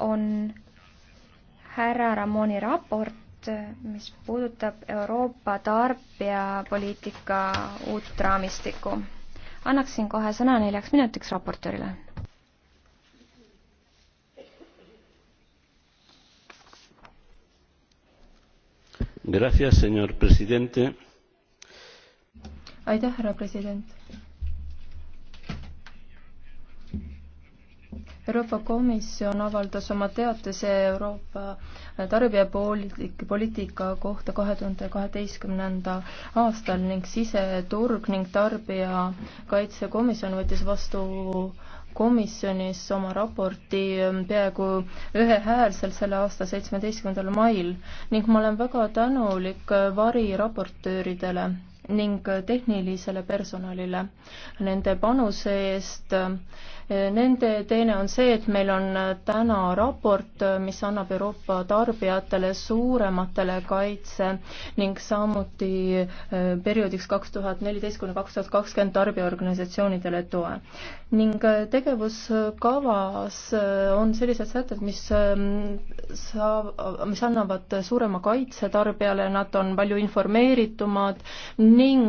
on härra Ramoni raport, mis puudutab Euroopa tarbijapoliitika uut raamistikku. annaksin kohe sõna neljaks minutiks raportöörile Gracias, señor presidente. aitäh, härra president. Euroopa Komisjon avaldas oma teatise Euroopa tarbijapoliitika kohta kahe tuhande kaheteistkümnenda aastal ning siseturg ning tarbijakaitsekomisjon võttis vastu komisjonis oma raporti peaaegu ühehäälselt selle aasta seitsmeteistkümnendal mail ning ma olen väga tänulik variraportööridele ning tehnilisele personalile nende panuse eest äh, Nende teene on see, et meil on täna raport, mis annab Euroopa tarbijatele suurematele kaitse ning samuti äh, perioodiks kaks tuhat neliteist kuni kaks tuhat kakskümmend tarbijaorganisatsioonidele toe. ning äh, tegevuskavas äh, on sellised sätted, mis ähm, saab, mis annavad suurema kaitse tarbijale, nad on palju informeeritumad ning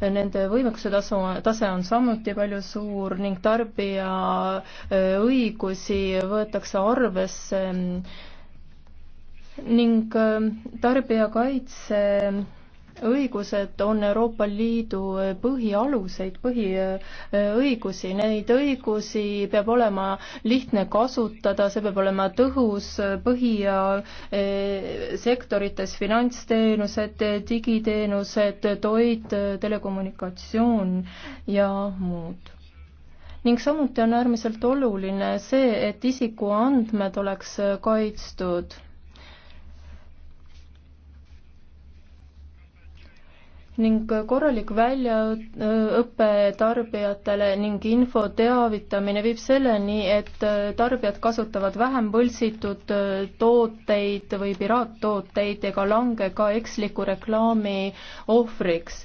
nende võimekuse tasu, tase on samuti palju suur ning tarbijad tarbija õigusi võetakse arvesse ning tarbijakaitse õigused on Euroopa Liidu põhialuseid, põhiõigusi, neid õigusi peab olema lihtne kasutada, see peab olema tõhus põhisektorites, finantsteenused, digiteenused, toit, telekommunikatsioon ja muud ning samuti on äärmiselt oluline see, et isikuandmed oleks äh, kaitstud ning äh, korralik väljaõpe tarbijatele ning info teavitamine viib selleni, et äh, tarbijad kasutavad vähem võltsitud tooteid või piraattooteid ega lange ka eksliku reklaami ohvriks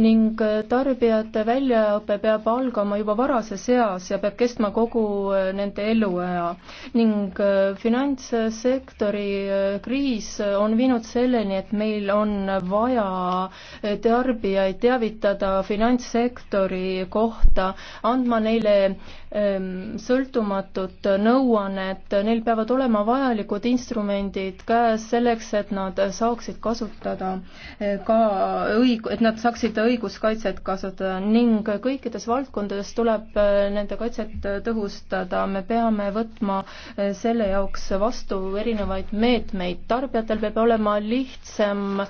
ning äh, tarbijate väljaõpe peab algama juba varases eas ja peab kestma kogu äh, nende eluea. ning äh, finantssektori kriis on viinud selleni, et meil on vaja tarbijaid teavitada finantssektori kohta, andma neile ähm, sõltumatut nõuannet, neil peavad olema vajalikud instrumendid käes selleks, et nad saaksid kasutada ka õig-, et nad saaksid õiguskaitset kasutada ning kõikides valdkondades tuleb äh, nende kaitset äh, tõhustada. me peame võtma äh, selle jaoks vastu erinevaid meetmeid. tarbijatel peab olema lihtsam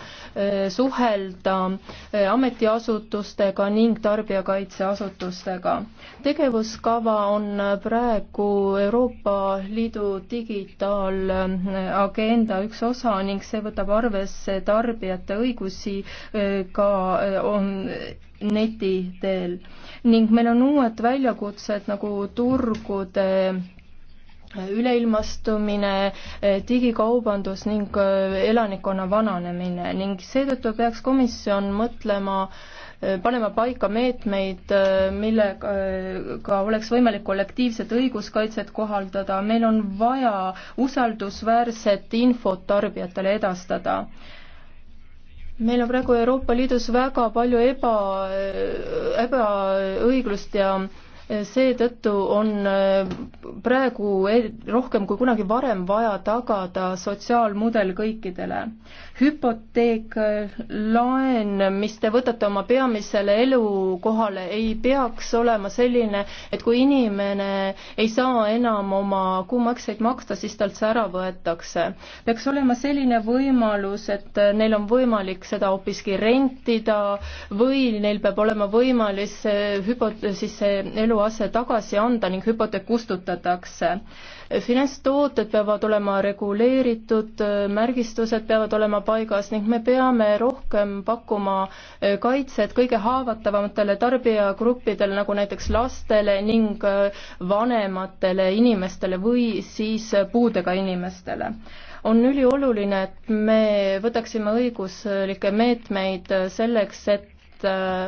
suhelda ametiasutustega ning tarbijakaitseasutustega. tegevuskava on praegu Euroopa Liidu digitaalagenda üks osa ning see võtab arvesse tarbijate õigusi ka on on neti teel ning meil on uued väljakutsed nagu turgude üleilmastumine, digikaubandus ning äh, elanikkonna vananemine ning seetõttu peaks komisjon mõtlema äh, panema paika meetmeid, äh, millega oleks võimalik kollektiivset õiguskaitset kohaldada, meil on vaja usaldusväärset infot tarbijatele edastada meil on praegu Euroopa Liidus väga palju eba, ebaõiglust ja seetõttu on äh, praegu rohkem kui kunagi varem vaja tagada sotsiaalmudel kõikidele. hüpoteek, äh, laen, mis te võtate oma peamisele elukohale, ei peaks olema selline, et kui inimene ei saa enam oma kuumakseid maksta, siis talt see ära võetakse. peaks olema selline võimalus, et äh, neil on võimalik seda hoopiski rentida või neil peab olema võimalus hüpo-, siis see elu eluase tagasi anda ning hüpoteek kustutatakse. finantstooted peavad olema reguleeritud, märgistused peavad olema paigas ning me peame rohkem pakkuma eh, kaitset kõige haavatavamatele tarbijagruppidele, nagu näiteks lastele ning eh, vanematele inimestele või siis puudega inimestele on ülioluline, et me võtaksime õiguslikke meetmeid selleks, et Äh,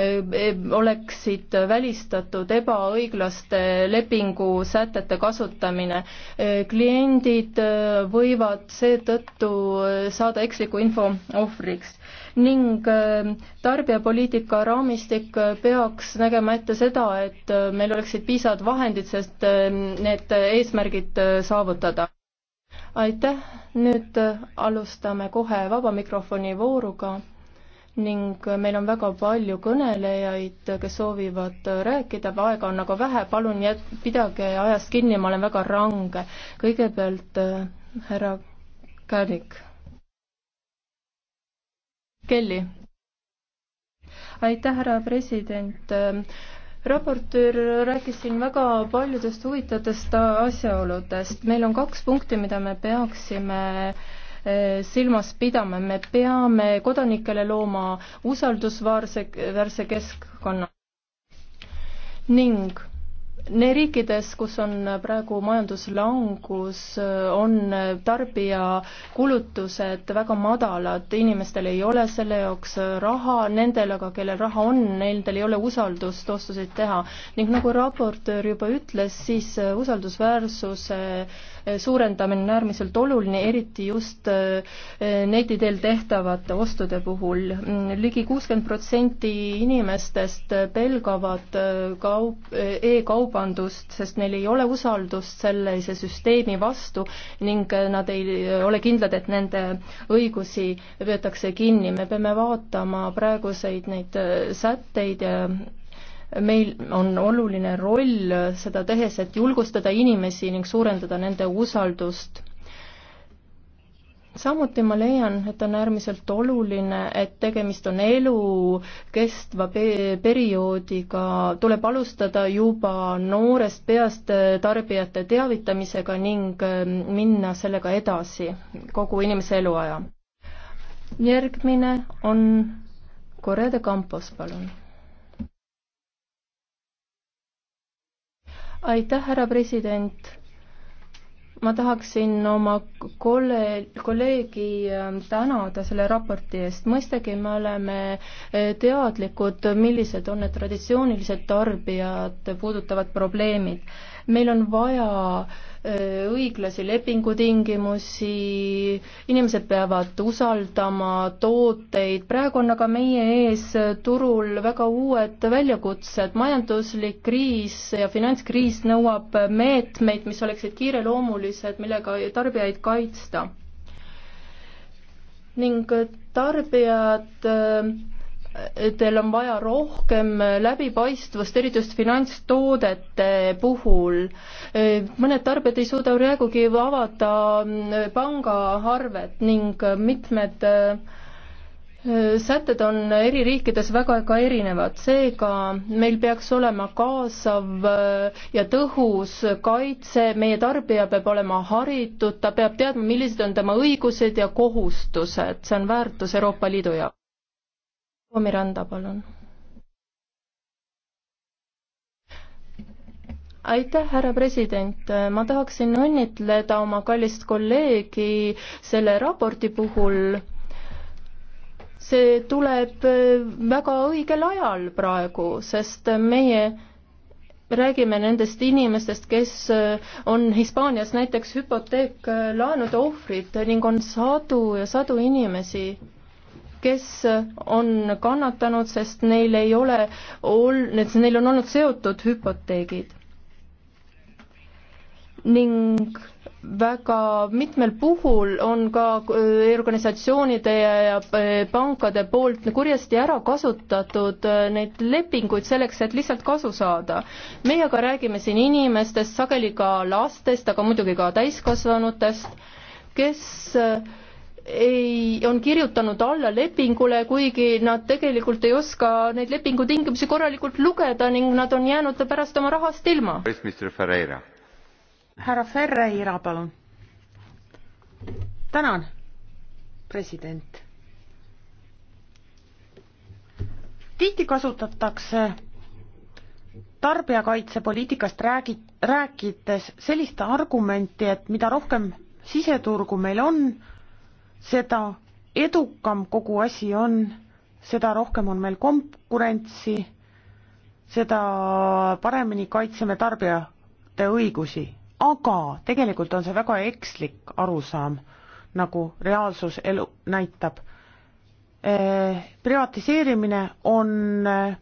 äh, oleksid välistatud ebaõiglaste lepingusätete kasutamine. Äh, kliendid võivad seetõttu saada eksliku info ohvriks ning tarbijapoliitika raamistik peaks nägema ette seda, et meil oleksid piisavad vahendid, sest need eesmärgid saavutada. aitäh, nüüd alustame kohe vaba mikrofoni vooruga ning meil on väga palju kõnelejaid, kes soovivad rääkida, aga aega on nagu vähe, palun jät-, pidage ajast kinni, ma olen väga range. kõigepealt äh, härra Kärnik. Kelly. aitäh, härra president äh, raportöör rääkis siin väga paljudest huvitavatest asjaoludest. meil on kaks punkti, mida me peaksime äh, silmas pidama, me peame kodanikele looma usaldusväärse, väärse keskkonna ning Need riikides, kus on praegu majanduslangus, on tarbija kulutused väga madalad, inimestel ei ole selle jaoks raha, nendel aga, kellel raha on, nendel ei ole usaldust ostuseid teha. ning nagu raportöör juba ütles, siis usaldusväärsuse äh, suurendamine on äärmiselt oluline, eriti just äh, neti teel tehtavate ostude puhul ligi. Mm, ligi kuuskümmend protsenti inimestest pelgavad äh, kaup e, e-kaubandust, sest neil ei ole usaldust sellise süsteemi vastu ning nad ei ole kindlad, et nende õigusi peetakse kinni. me peame vaatama praeguseid neid sätteid ja meil on oluline roll seda tehes, et julgustada inimesi ning suurendada nende usaldust samuti ma leian, et on äärmiselt oluline, et tegemist on elukestva perioodiga, tuleb alustada juba noorest peast tarbijate teavitamisega ning ähm, minna sellega edasi kogu inimese eluaja. järgmine on Correa de Campos, palun aitäh, härra president. ma tahaksin oma kolle-, kolleegi ähm, tänada selle raporti eest. mõistagi me oleme äh, teadlikud, millised on need traditsioonilised tarbijad puudutavad probleemid. meil on vaja äh, õiglasi lepingutingimusi, inimesed peavad usaldama tooteid, praegu on aga meie ees turul väga uued väljakutsed, majanduslik kriis ja finantskriis nõuab meetmeid, mis oleksid kiireloomulised, millega tarbijaid kaitsta. ning tarbijad teil on vaja rohkem läbipaistvust, eriti just finantstoodete puhul. mõned tarbijad ei suuda praegugi avada pangaarvet ning mitmed äh, sätted on eri riikides väga ka erinevad, seega meil peaks olema kaasav äh, ja tõhus kaitse, meie tarbija peab olema haritud, ta peab teadma, millised on tema õigused ja kohustused, see on väärtus Euroopa Liidu jaoks proua Miranda, palun. aitäh, härra president, ma tahaksin õnnitleda oma kallist kolleegi selle raporti puhul. see tuleb väga õigel ajal praegu, sest meie räägime nendest inimestest, kes on Hispaanias näiteks hüpoteeklaenude ohvrid ning on sadu ja sadu inimesi, kes on kannatanud, sest neil ei ole ol-, neil on olnud seotud hüpoteegid. ning väga mitmel puhul on ka äh, organisatsioonide ja äh, pankade poolt kurjasti ära kasutatud äh, neid lepinguid selleks, et lihtsalt kasu saada. meie aga räägime siin inimestest, sageli ka lastest, aga muidugi ka täiskasvanutest, kes äh, ei, on kirjutanud alla lepingule, kuigi nad tegelikult ei oska neid lepingu tingimusi korralikult lugeda ning nad on jäänud pärast oma rahast ilma. härra Ferreira, palun. tänan, president. tihti kasutatakse tarbijakaitsepoliitikast räägi-, rääkides sellist argumenti, et mida rohkem siseturgu meil on, seda edukam kogu asi on, seda rohkem on meil konkurentsi, seda paremini kaitseme tarbijate õigusi, aga tegelikult on see väga ekslik arusaam, nagu reaalsus elu näitab. Eh, privatiseerimine on eh,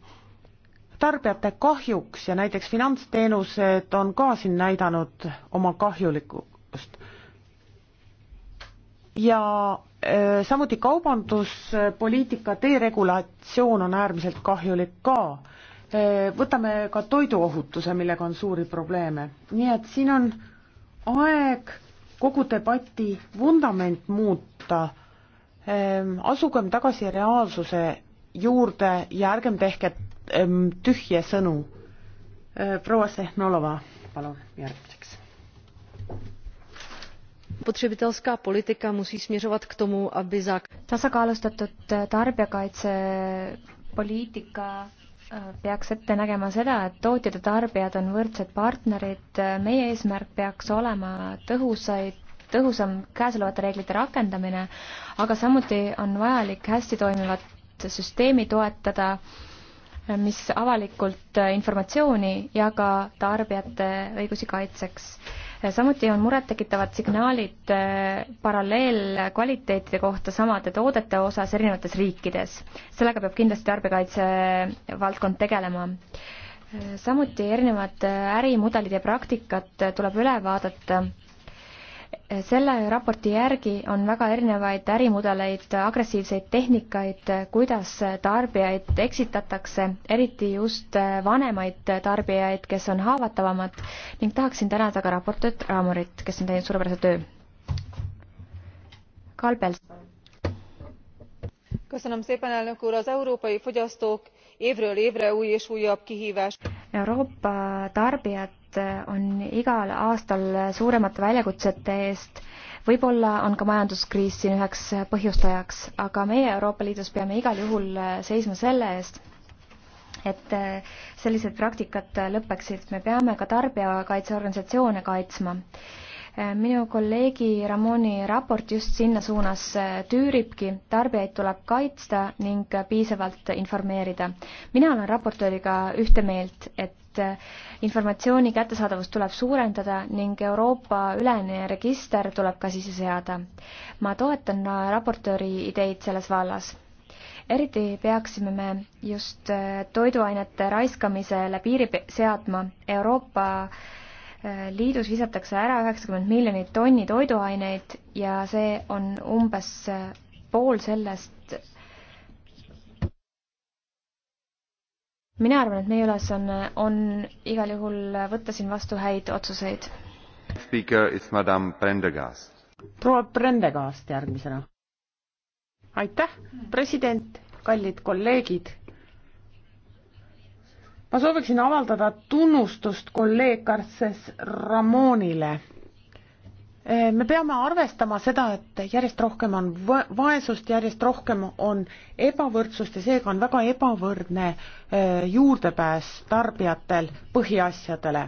tarbijate kahjuks ja näiteks finantsteenused on ka siin näidanud oma kahjulikkust ja samuti kaubanduspoliitika deregulatsioon on äärmiselt kahjulik ka. võtame ka toiduohutuse, millega on suuri probleeme, nii et siin on aeg kogu debati vundament muuta. asugem tagasi reaalsuse juurde ja ärgem tehke tühje sõnu. proua Sehnolova, palun järgmiseks spotřebitelská politika musí směřovat k tomu, aby zák- tasakaalustatud eh, tarbijakaitsepoliitika eh, peaks ette nägema seda, et tootjad ja tarbijad on võrdsed partnerid. Eh, meie eesmärk peaks olema tõhusaid, tõhusam käesolevate reeglite rakendamine, aga samuti on vajalik hästi toimivat süsteemi toetada, mis avalikult informatsiooni ja ka tarbijate õigusi kaitseks samuti on murettekitavad signaalid äh, paralleelkvaliteetide kohta samade toodete osas erinevates riikides. sellega peab kindlasti tarbijakaitse valdkond tegelema äh, samuti erinevad äh, ärimudelid ja praktikad tuleb üle vaadata selle raporti järgi on väga erinevaid ärimudeleid, agressiivseid tehnikaid, kuidas tarbijaid eksitatakse, eriti just vanemaid tarbijaid, kes on haavatavamad ning tahaksin tänada ka raportööd Raamorit, kes on teinud suurepärase töö. Karl Pels. Euroopa tarbijad liikmesriigid äh, on igal aastal suuremate väljakutsete eest. võib-olla on ka majanduskriis siin üheks põhjustajaks, aga meie Euroopa Liidus peame igal juhul äh, seisma selle eest, et äh, sellised praktikad lõpeksid, me peame ka tarbijakaitseorganisatsioone kaitsma minu kolleegi Ramoni raport just sinna suunas tüüribki, tarbijaid tuleb kaitsta ning piisavalt informeerida. mina olen raportööriga ühte meelt, et et eh, informatsiooni kättesaadavust tuleb suurendada ning Euroopa ülene register tuleb ka sisse seada. ma toetan äh, raportööri ideid selles vallas. eriti peaksime me just äh, toiduainete raiskamisele piiri seadma. Euroopa äh, Liidus visatakse ära üheksakümmend miljonit tonni toiduaineid ja see on umbes pool sellest, mina arvan, et meie ülesanne on, on igal juhul võtta siin vastu häid otsuseid. proua Prendegast järgmisena. aitäh, president, kallid kolleegid. ma sooviksin avaldada tunnustust kolleeg Kartses Ramonile Eh, me peame arvestama seda, et järjest rohkem on vaesust, järjest rohkem on ebavõrdsust ja seega on väga ebavõrdne eh, juurdepääs tarbijatel põhiasjadele.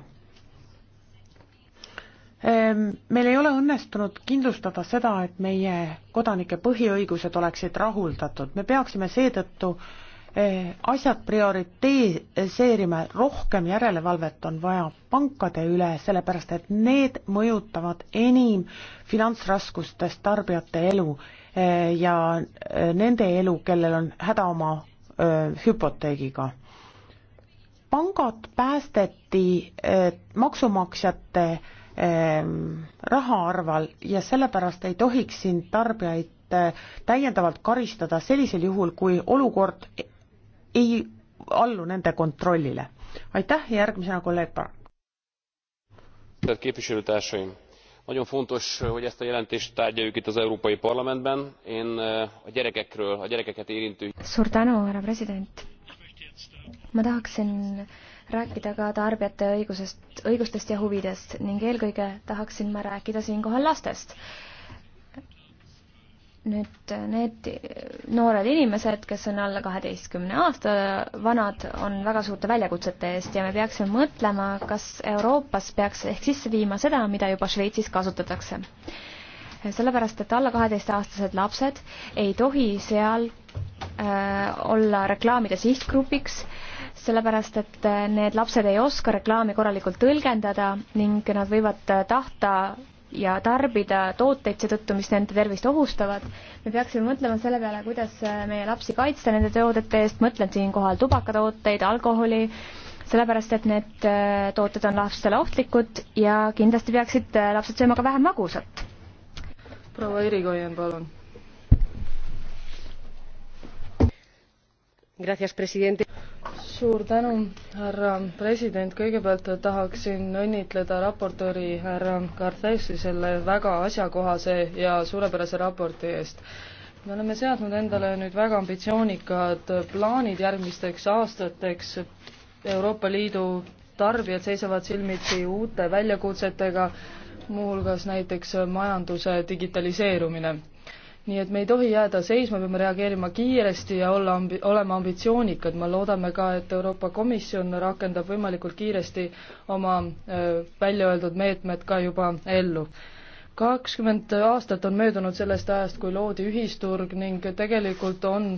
Eh, meil ei ole õnnestunud kindlustada seda, et meie kodanike põhiõigused oleksid rahuldatud, me peaksime seetõttu äh, Eh, asjad prioriteeseerime, rohkem järelevalvet on vaja pankade üle, sellepärast et need mõjutavad enim finantsraskustes tarbijate elu eh, ja eh, nende elu, kellel on häda oma hüpoteegiga. pangad päästeti maksumaksjate raha arval ja sellepärast ei tohiks siin tarbijaid täiendavalt karistada sellisel juhul, kui olukord ei allu nende kontrollile. aitäh ja järgmisena kolleeg Park. tisztelt képviselőtársaim! nagyon fontos hogy ezt a jelentést tárgyaljuk itt az európai parlamentben. én a gyerekekről a gyerekeket érintő. suur tänu härra president! ma tahaksin rääkida ka tarbijate õigusest, õigustest ja huvidest ning eelkõige tahaksin ma rääkida siinkohal lastest nüüd äh, need noored inimesed, kes on alla kaheteistkümne aasta vanad, on väga suurte väljakutsete eest ja me peaksime mõtlema, kas Euroopas peaks ehk sisse viima seda, mida juba Šveitsis kasutatakse. sellepärast, et alla kaheteistaastased lapsed ei tohi seal äh, olla reklaamide sihtgrupiks äh,, sellepärast et äh, need lapsed ei oska reklaami korralikult tõlgendada ning nad võivad äh, tahta ja tarbida tooteid seetõttu, mis nende tervist ohustavad. me peaksime mõtlema selle peale, kuidas meie lapsi kaitsta nende toodete eest, mõtlen siinkohal tubakatooteid, alkoholi, sellepärast et need äh, tooted on lastele ohtlikud ja kindlasti peaksid äh, lapsed sööma ka vähem magusat. proua Erikoien, palun suur tänu, härra president, kõigepealt tahaksin õnnitleda raportööri härra Garthesi selle väga asjakohase ja suurepärase raporti eest me oleme seadnud endale nüüd väga ambitsioonikad plaanid järgmisteks aastateks. Euroopa Liidu tarbijad seisavad silmitsi uute väljakutsetega, muuhulgas näiteks majanduse digitaliseerumine nii et me ei tohi jääda seisma, peame reageerima kiiresti ja olla ambi-, olema ambitsioonikad, me loodame ka, et Euroopa Komisjon rakendab võimalikult kiiresti oma välja öeldud meetmed ka juba ellu. kakskümmend aastat on möödunud sellest ajast, kui loodi ühisturg ning tegelikult on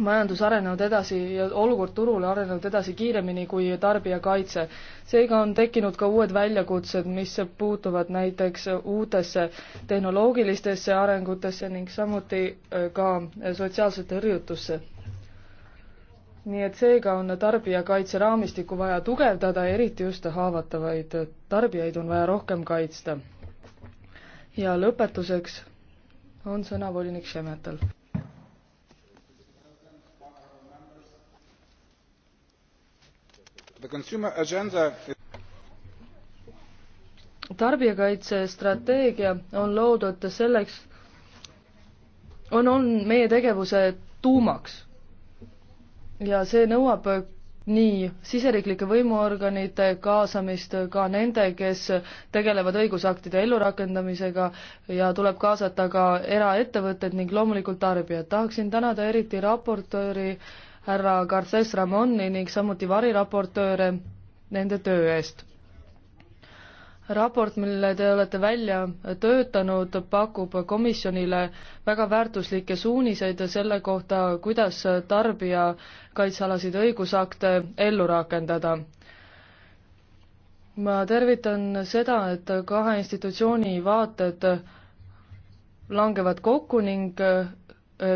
majandus arenenud edasi ja olukord turul arenenud edasi kiiremini kui tarbijakaitse. seega on tekkinud ka uued väljakutsed, mis puutuvad näiteks uutesse tehnoloogilistesse arengutesse ning samuti äh, ka sotsiaalsete tõrjutusse. nii et seega on tarbijakaitse raamistikku vaja tugevdada, eriti just haavatavaid tarbijaid on vaja rohkem kaitsta. ja lõpetuseks on sõna volinik Šemetal. tarbijakaitsestrateegia on loodud selleks, on, on meie tegevuse tuumaks. ja see nõuab nii siseriiklike võimuorganite kaasamist, ka nende, kes tegelevad õigusaktide ellurakendamisega ja tuleb kaasata ka eraettevõtted ning loomulikult tarbijad. tahaksin tänada eriti raportööri äh, härra Garces Ramoni ning samuti variraportööre nende töö eest. raport, mille te olete välja töötanud, pakub komisjonile väga väärtuslikke suuniseid selle kohta, kuidas tarbijakaitsealaseid õigusakte ellu rakendada ma tervitan seda, et kahe institutsiooni vaated langevad kokku ning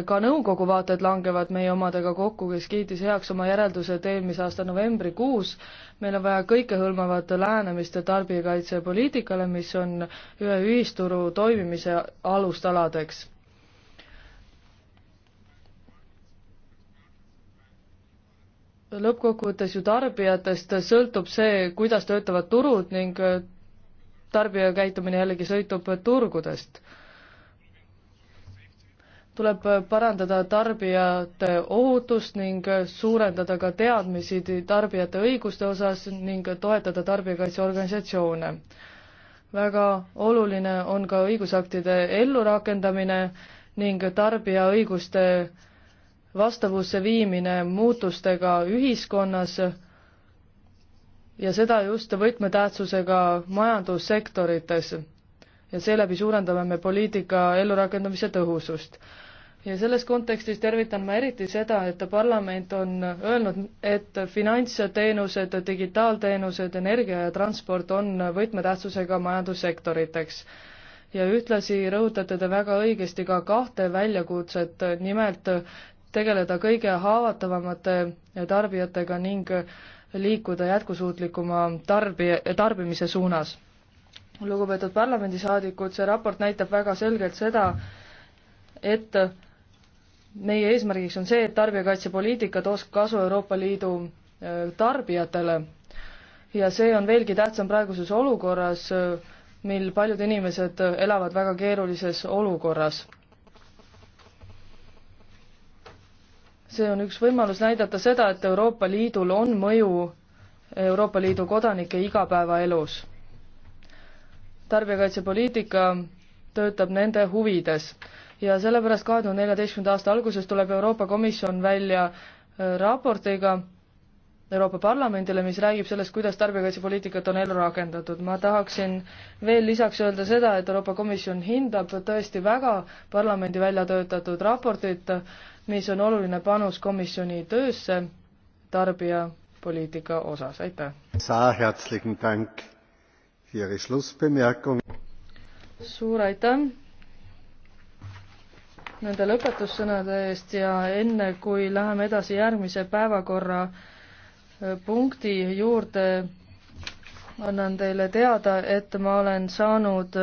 ka nõukogu vaated langevad meie omadega kokku, kes kiitis heaks oma järeldused eelmise aasta novembrikuus. meil on vaja kõikehõlmavat lähenemist tarbijakaitsepoliitikale, mis on ühe ühisturu toimimise alustaladeks. lõppkokkuvõttes ju tarbijatest sõltub see, kuidas töötavad turud ning tarbija käitumine jällegi sõltub turgudest tuleb parandada tarbijate ohutust ning suurendada ka teadmisi tarbijate õiguste osas ning toetada tarbijakaitseorganisatsioone. väga oluline on ka õigusaktide ellurakendamine ning tarbija õiguste vastavusse viimine muutustega ühiskonnas ja seda just võtmetähtsusega majandussektorites ja seeläbi suurendame me poliitika ellurakendamise tõhusust. ja selles kontekstis tervitan ma eriti seda, et parlament on öelnud, et finantsteenused, digitaalteenused, energia ja transport on võtmetähtsusega majandussektoriteks. ja ühtlasi rõhutate te väga õigesti ka kahte väljakutset, nimelt tegeleda kõige haavatavamate tarbijatega ning liikuda jätkusuutlikuma tarbi, tarbimise suunas lugupeetud parlamendisaadikud, see raport näitab väga selgelt seda, et meie eesmärgiks on see, et tarbijakaitsepoliitika tooks kasu Euroopa Liidu äh, tarbijatele ja see on veelgi tähtsam praeguses olukorras, äh, mil paljud inimesed äh, elavad väga keerulises olukorras. see on üks võimalus näidata seda, et Euroopa Liidul on mõju Euroopa Liidu kodanike igapäevaelus tarbijakaitsepoliitika töötab nende huvides ja sellepärast kahe tuhande neljateistkümnenda aasta alguses tuleb Euroopa Komisjon välja äh, raportiga Euroopa Parlamendile, mis räägib sellest, kuidas tarbijakaitsepoliitikat on ellu rakendatud. ma tahaksin veel lisaks öelda seda, et Euroopa Komisjon hindab tõesti väga parlamendi välja töötatud raportit, mis on oluline panus komisjoni töösse tarbijapoliitika osas, aitäh! suur aitäh nende lõpetussõnade eest ja enne, kui läheme edasi järgmise päevakorra äh, punkti juurde, annan teile teada, et ma olen saanud